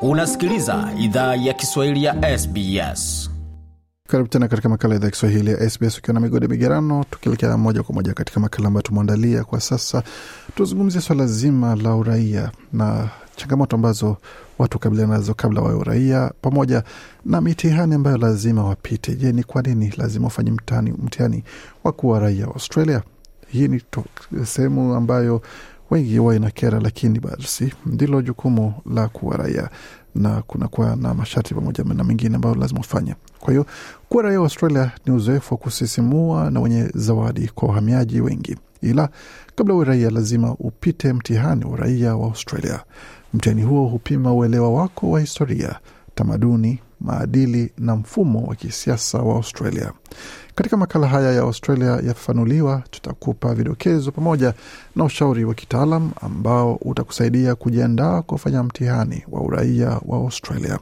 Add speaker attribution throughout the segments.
Speaker 1: unasikiliza idhaa ya kiswahili ya sbs
Speaker 2: karibu tena katika makala idhaa ya kiswahili ya sbs ukiwa na migodi migerano tukielekea moja kwa moja katika makala ambayo tumeandalia kwa sasa tuzungumzia swala zima la uraia na changamoto ambazo watu kabilia nazo kabla wawe uraia pamoja na mitihani ambayo lazima wapite je ni kwa nini lazima ufanyi mtihani wa kuwa raia wa australia hii ni sehemu ambayo wengi huwa inakera, lakini basi ndilo jukumu la kuwa raia na kunakuwa na masharti pamoja na mengine ambayo lazima ufanye. Kwa hiyo kuwa raia wa Australia ni uzoefu wa kusisimua na wenye zawadi kwa wahamiaji wengi, ila kabla uwe raia lazima upite mtihani wa uraia wa Australia. Mtihani huo hupima uelewa wako wa historia, tamaduni maadili na mfumo wa kisiasa wa Australia. Katika makala haya ya Australia yafafanuliwa, tutakupa vidokezo pamoja na ushauri wa kitaalam ambao utakusaidia kujiandaa kufanya mtihani wa uraia wa Australia.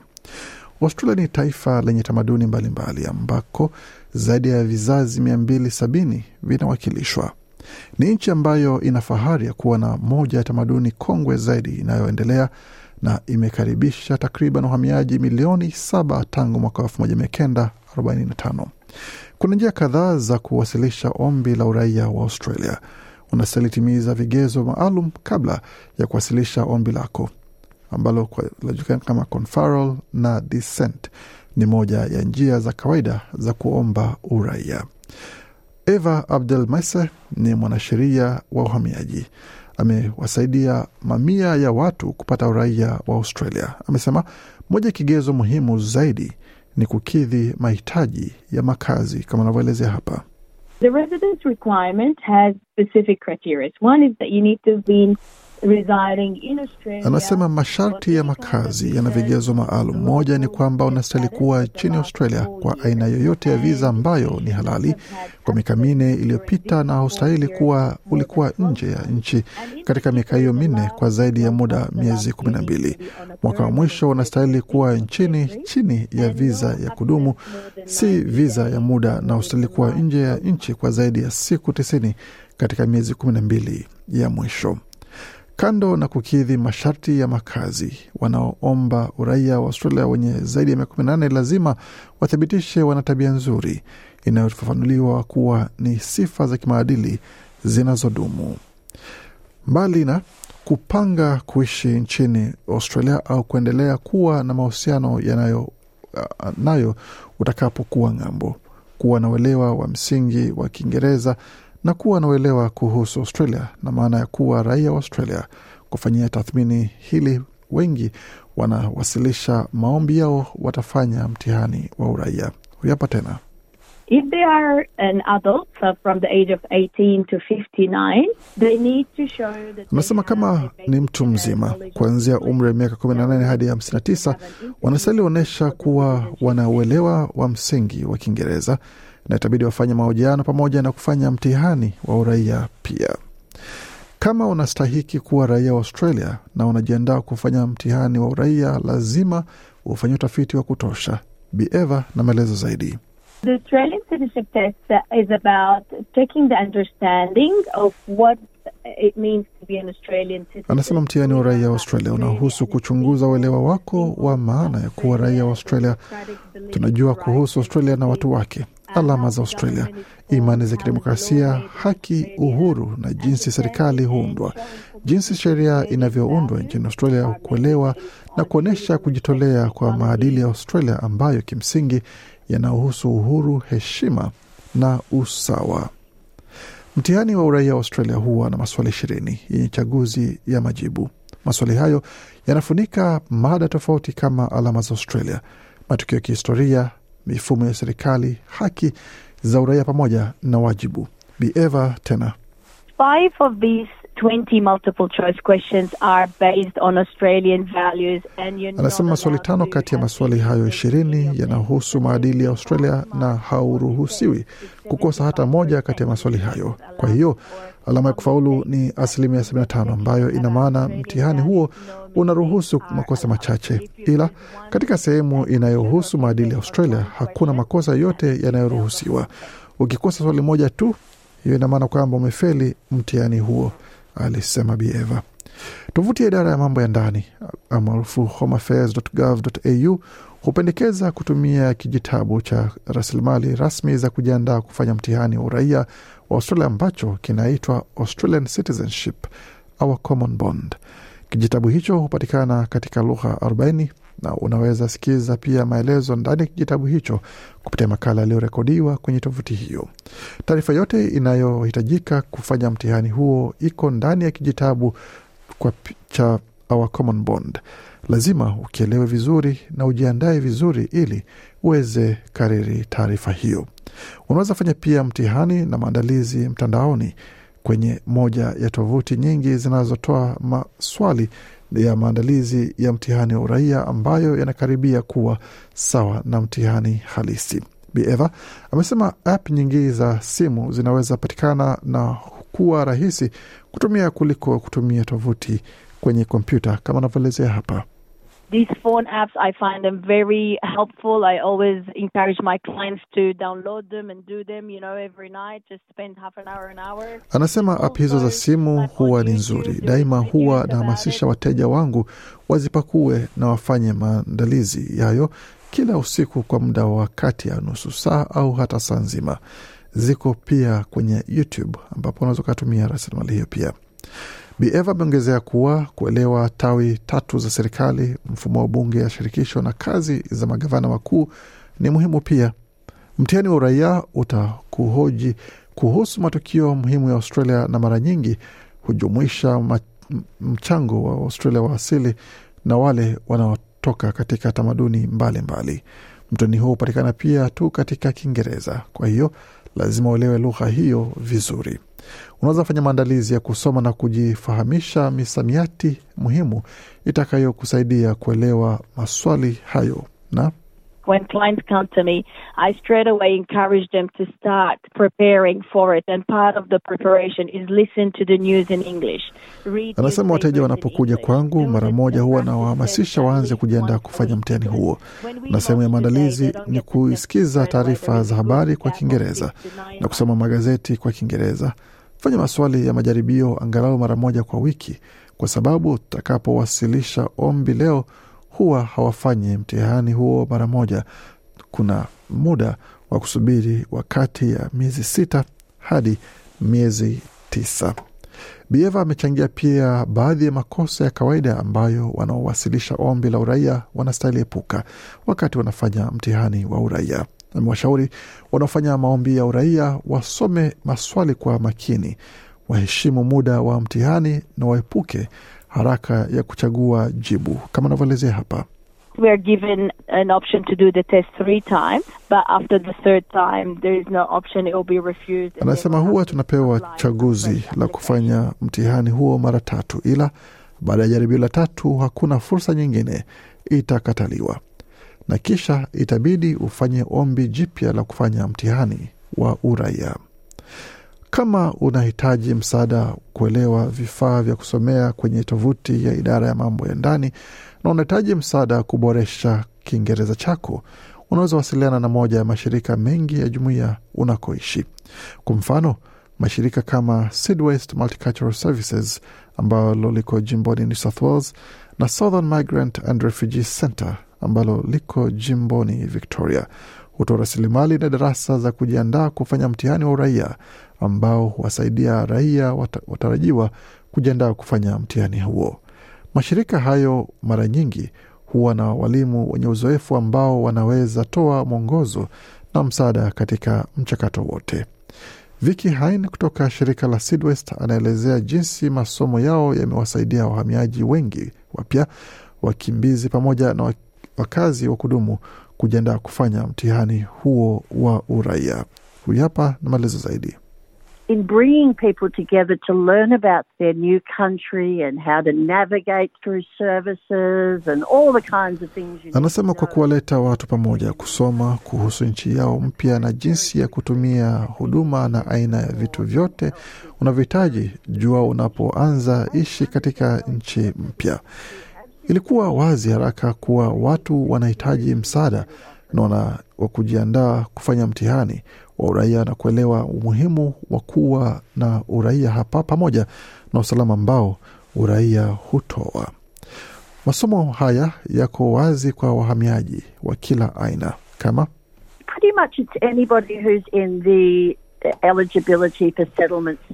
Speaker 2: Australia ni taifa lenye tamaduni mbalimbali mbali, ambako zaidi ya vizazi mia mbili sabini vinawakilishwa. Ni nchi ambayo ina fahari ya kuwa na moja ya tamaduni kongwe zaidi inayoendelea na imekaribisha takriban uhamiaji milioni saba tangu mwaka elfu moja mia kenda arobaini na tano. Kuna njia kadhaa za kuwasilisha ombi la uraia wa Australia. timiza vigezo maalum kabla ya kuwasilisha ombi lako ambalo linajulikana kama conferral na descent. Ni moja ya njia za kawaida za kuomba uraia. Eva Abdel Mese ni mwanasheria wa uhamiaji amewasaidia mamia ya watu kupata uraia wa Australia. Amesema moja kigezo muhimu zaidi ni kukidhi mahitaji ya makazi kama anavyoelezea hapa.
Speaker 1: The residence requirement has specific criteria. One is that you need to be
Speaker 2: Anasema masharti ya makazi yana vigezo maalum. Moja ni kwamba unastahili kuwa nchini Australia kwa aina yoyote ya viza ambayo ni halali kwa miaka minne iliyopita, na haustahili kuwa ulikuwa nje ya nchi katika miaka hiyo minne kwa zaidi ya muda miezi kumi na mbili. Mwaka wa mwisho unastahili kuwa nchini chini ya viza ya kudumu, si viza ya muda, na haustahili kuwa nje ya nchi kwa zaidi ya siku tisini katika miezi kumi na mbili ya mwisho. Kando na kukidhi masharti ya makazi, wanaoomba uraia wa Australia wenye zaidi ya miaka kumi nanne lazima wathibitishe wana tabia nzuri inayofafanuliwa kuwa ni sifa za kimaadili zinazodumu. Mbali na kupanga kuishi nchini Australia au kuendelea kuwa na mahusiano yanayo nayo utakapokuwa ng'ambo, kuwa na uelewa wa msingi wa Kiingereza na kuwa na kuhusu Australia na maana ya kuwa raia wa Australia. Kufanyia tathmini hili, wengi wanawasilisha maombi yao watafanya mtihani wa uraia. Huyu hapa tena
Speaker 1: If they are an adult so from the age of 18 to 59, they need to show that
Speaker 2: Anasema kama ni mtu mzima kuanzia umri wa miaka 18 hadi 59, wanastahili onyesha kuwa wana uelewa wa msingi wa Kiingereza na itabidi wafanye mahojiano pamoja na kufanya mtihani wa uraia pia. Kama unastahiki kuwa raia wa Australia na unajiandaa kufanya mtihani wa uraia, lazima ufanye utafiti wa kutosha. Bi Eva na maelezo zaidi.
Speaker 1: The Australian citizenship test is about the understanding of what it means to be an Australian citizen.
Speaker 2: Anasema mtihani wa uraia wa Australia unahusu kuchunguza uelewa wako wa maana ya kuwa raia wa Australia. Tunajua kuhusu Australia na watu wake, alama za Australia, imani za kidemokrasia, haki, uhuru na jinsi serikali huundwa, jinsi sheria inavyoundwa nchini Australia hukuelewa na kuonyesha kujitolea kwa maadili ya Australia ambayo kimsingi yanahusu uhuru, heshima na usawa. Mtihani wa uraia wa Australia huwa na maswali ishirini yenye chaguzi ya majibu. Maswali hayo yanafunika mada tofauti kama alama za Australia, matukio ya kihistoria, mifumo ya serikali, haki za uraia pamoja na wajibu. Bi Eva tena
Speaker 1: Five of these 20 multiple choice questions are based on Australian values and you're anasema
Speaker 2: maswali tano kati ya maswali hayo ishirini yanahusu maadili ya Australia na hauruhusiwi kukosa hata moja kati ya maswali hayo. Kwa hiyo alama ya kufaulu ni asilimia 75, ambayo ina maana mtihani huo unaruhusu makosa machache, ila katika sehemu inayohusu maadili ya Australia hakuna makosa yote yanayoruhusiwa. Ukikosa swali moja tu, hiyo ina maana kwamba umefeli mtihani huo alisema Bi Eva. Tovuti ya idara ya mambo ya ndani maarufu homeaffairs.gov.au hupendekeza kutumia kijitabu cha rasilimali rasmi za kujiandaa kufanya mtihani wa uraia wa Australia ambacho kinaitwa Australian Citizenship Our Common Bond. Kijitabu hicho hupatikana katika lugha 40 na unaweza sikiza pia maelezo ndani ya kijitabu hicho kupitia makala yaliyorekodiwa kwenye tovuti hiyo. Taarifa yote inayohitajika kufanya mtihani huo iko ndani ya kijitabu kwa cha Our Common Bond. Lazima ukielewe vizuri na ujiandae vizuri ili uweze kariri taarifa hiyo. Unaweza fanya pia mtihani na maandalizi mtandaoni kwenye moja ya tovuti nyingi zinazotoa maswali ya maandalizi ya mtihani wa uraia ambayo yanakaribia kuwa sawa na mtihani halisi. Bieva amesema app nyingi za simu zinaweza patikana na kuwa rahisi kutumia kuliko kutumia tovuti kwenye kompyuta kama anavyoelezea hapa
Speaker 1: these phone apps, I find them very helpful. I always encourage my clients to download them and do them, you know, every night, just spend half an hour, an hour.
Speaker 2: Anasema app hizo za simu huwa ni nzuri daima, huwa nahamasisha wateja wangu wazipakue na wafanye maandalizi yayo kila usiku kwa muda wa kati ya nusu saa au hata saa nzima. Ziko pia kwenye YouTube ambapo unaweza ukatumia rasilimali hiyo pia. Bi Eva ameongezea kuwa kuelewa tawi tatu za serikali, mfumo wa bunge ya shirikisho na kazi za magavana wakuu ni muhimu pia. Mtihani wa uraia utakuhoji kuhusu matukio muhimu ya Australia na mara nyingi hujumuisha mchango wa Australia wa asili na wale wanaotoka katika tamaduni mbalimbali. Mtihani huo hupatikana pia tu katika Kiingereza, kwa hiyo lazima uelewe lugha hiyo vizuri. Unaweza fanya maandalizi ya kusoma na kujifahamisha misamiati muhimu itakayokusaidia kuelewa maswali hayo na
Speaker 1: when clients come to me, I straight away encourage them to start preparing for it. And part of the preparation is listen to the news in English.
Speaker 2: Anasema wateja wanapokuja kwangu mara moja huwa nawahamasisha waanze kujiandaa kufanya mtihani huo, na sehemu ya maandalizi ni kuisikiza taarifa za habari kwa Kiingereza na kusoma magazeti kwa Kiingereza. Fanya maswali ya majaribio angalau mara moja kwa wiki, kwa sababu utakapowasilisha ombi leo, huwa hawafanyi mtihani huo mara moja. Kuna muda wa kusubiri wa kati ya miezi sita hadi miezi tisa. Bieva amechangia pia baadhi ya makosa ya kawaida ambayo wanaowasilisha ombi la uraia wanastahili epuka wakati wanafanya mtihani wa uraia amewashauri wanaofanya maombi ya uraia wasome maswali kwa makini, waheshimu muda wa mtihani na waepuke haraka ya kuchagua jibu, kama anavyoelezea hapa.
Speaker 1: We are given an option to do the test three times, but after the third time there is no option, it will be refused.
Speaker 2: Anasema huwa tunapewa chaguzi la kufanya mtihani huo mara tatu, ila baada ya jaribio la tatu hakuna fursa nyingine, itakataliwa na kisha itabidi ufanye ombi jipya la kufanya mtihani wa uraia. Kama unahitaji msaada kuelewa vifaa vya kusomea kwenye tovuti ya idara ya mambo ya ndani na unahitaji msaada kuboresha Kiingereza chako, unaweza wasiliana na moja ya mashirika mengi ya jumuiya unakoishi. Kwa mfano, mashirika kama Sidwest Multicultural Services ambalo liko jimboni New South Wales na Southern Migrant and Refugee Center ambalo liko jimboni Victoria hutoa rasilimali na darasa za kujiandaa kufanya mtihani wa uraia ambao huwasaidia raia watarajiwa kujiandaa kufanya mtihani huo. Mashirika hayo mara nyingi huwa na walimu wenye uzoefu ambao wanaweza toa mwongozo na msaada katika mchakato wote. Vicky Hain kutoka shirika la Sidwest anaelezea jinsi masomo yao yamewasaidia wahamiaji wengi wapya, wakimbizi pamoja na wakazi wa kudumu kujiandaa kufanya mtihani huo wa uraia. Huyu hapa na maelezo zaidi.
Speaker 1: In bringing people together to learn about their new country and how to navigate through services and all the kinds of
Speaker 2: things you Anasema kwa kuwaleta watu pamoja kusoma kuhusu nchi yao mpya na jinsi ya kutumia huduma na aina ya vitu vyote unavyohitaji jua unapoanza ishi katika nchi mpya. Ilikuwa wazi haraka kuwa watu wanahitaji msaada naona wa kujiandaa kufanya mtihani wa uraia na kuelewa umuhimu wa kuwa na uraia hapa pamoja na usalama ambao uraia hutoa. Masomo haya yako wazi kwa wahamiaji wa kila aina kama
Speaker 1: much it's anybody who's in the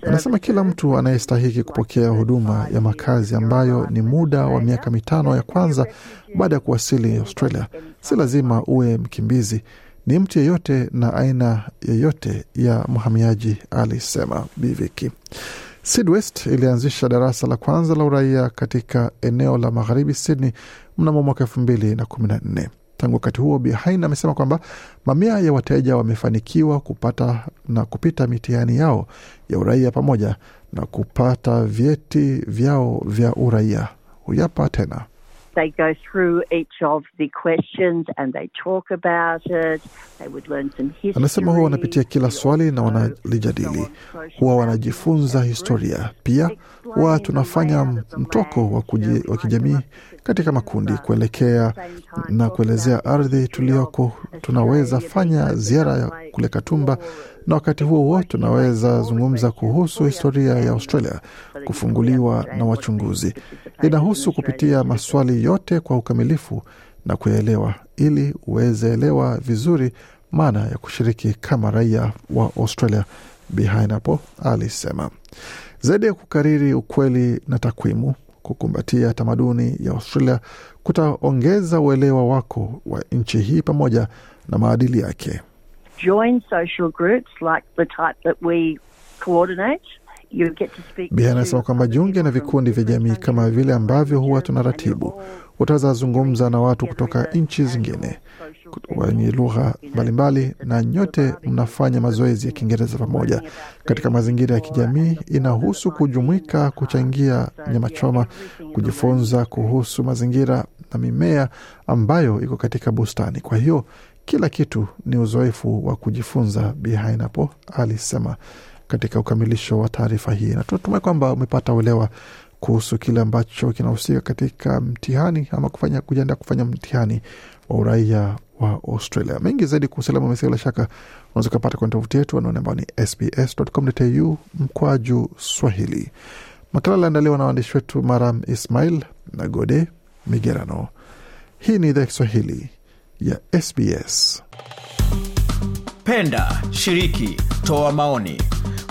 Speaker 1: Anasema
Speaker 2: kila mtu anayestahiki kupokea huduma ya makazi ambayo ni muda wa miaka mitano ya kwanza baada ya kuwasili Australia, si lazima uwe mkimbizi, ni mtu yeyote na aina yeyote ya mhamiaji, alisema Biviki. Sydwest ilianzisha darasa la kwanza la uraia katika eneo la magharibi Sydney mnamo mwaka elfu mbili na kumi na nne. Tangu wakati huo, Hain amesema kwamba mamia ya wateja wamefanikiwa kupata na kupita mitihani yao ya uraia pamoja na kupata vyeti vyao vya uraia. Huyapa tena
Speaker 1: they go through each of the questions and they talk about it. They would learn some history. Anasema huwa
Speaker 2: wanapitia kila swali na wanalijadili, huwa wanajifunza historia. Pia huwa tunafanya mtoko wa, kuji, wa kijamii katika makundi kuelekea na kuelezea ardhi tuliyoko. Tunaweza fanya ziara ya kule Katumba na wakati huo huo tunaweza zungumza kuhusu historia ya Australia kufunguliwa na wachunguzi inahusu kupitia maswali yote kwa ukamilifu na kuyaelewa, ili uwezeelewa vizuri maana ya kushiriki kama raia wa Australia, Behin hapo alisema. Zaidi ya kukariri ukweli na takwimu, kukumbatia tamaduni ya Australia kutaongeza uelewa wako wa nchi hii pamoja na maadili yake.
Speaker 1: Join Bi
Speaker 2: anasema kwamba jiunge na vikundi vya jamii kama vile ambavyo huwa tuna utaweza zungumza na watu kutoka nchi zingine wenye lugha mbalimbali, na nyote mnafanya mazoezi ya Kiingereza pamoja katika mazingira ya kijamii. Inahusu kujumuika, kuchangia nyama choma, kujifunza kuhusu mazingira na mimea ambayo iko katika bustani. Kwa hiyo kila kitu ni uzoefu wa kujifunza, Bi Hainapo alisema katika ukamilisho wa taarifa hii, na tunatumai kwamba umepata uelewa kuhusu kile ambacho kinahusika katika mtihani ama kufanya kujiandaa kufanya mtihani wa uraia wa Australia. Mengi zaidi kuusalama mesia bila shaka unaweza ukapata kwenye tovuti yetu anaone ambao ni sbs.com.au mkwaju Swahili. Makala aliandaliwa na waandishi wetu Maram Ismail na Gode Migerano. Hii ni idhaa ya Kiswahili ya SBS.
Speaker 1: Penda, shiriki, toa maoni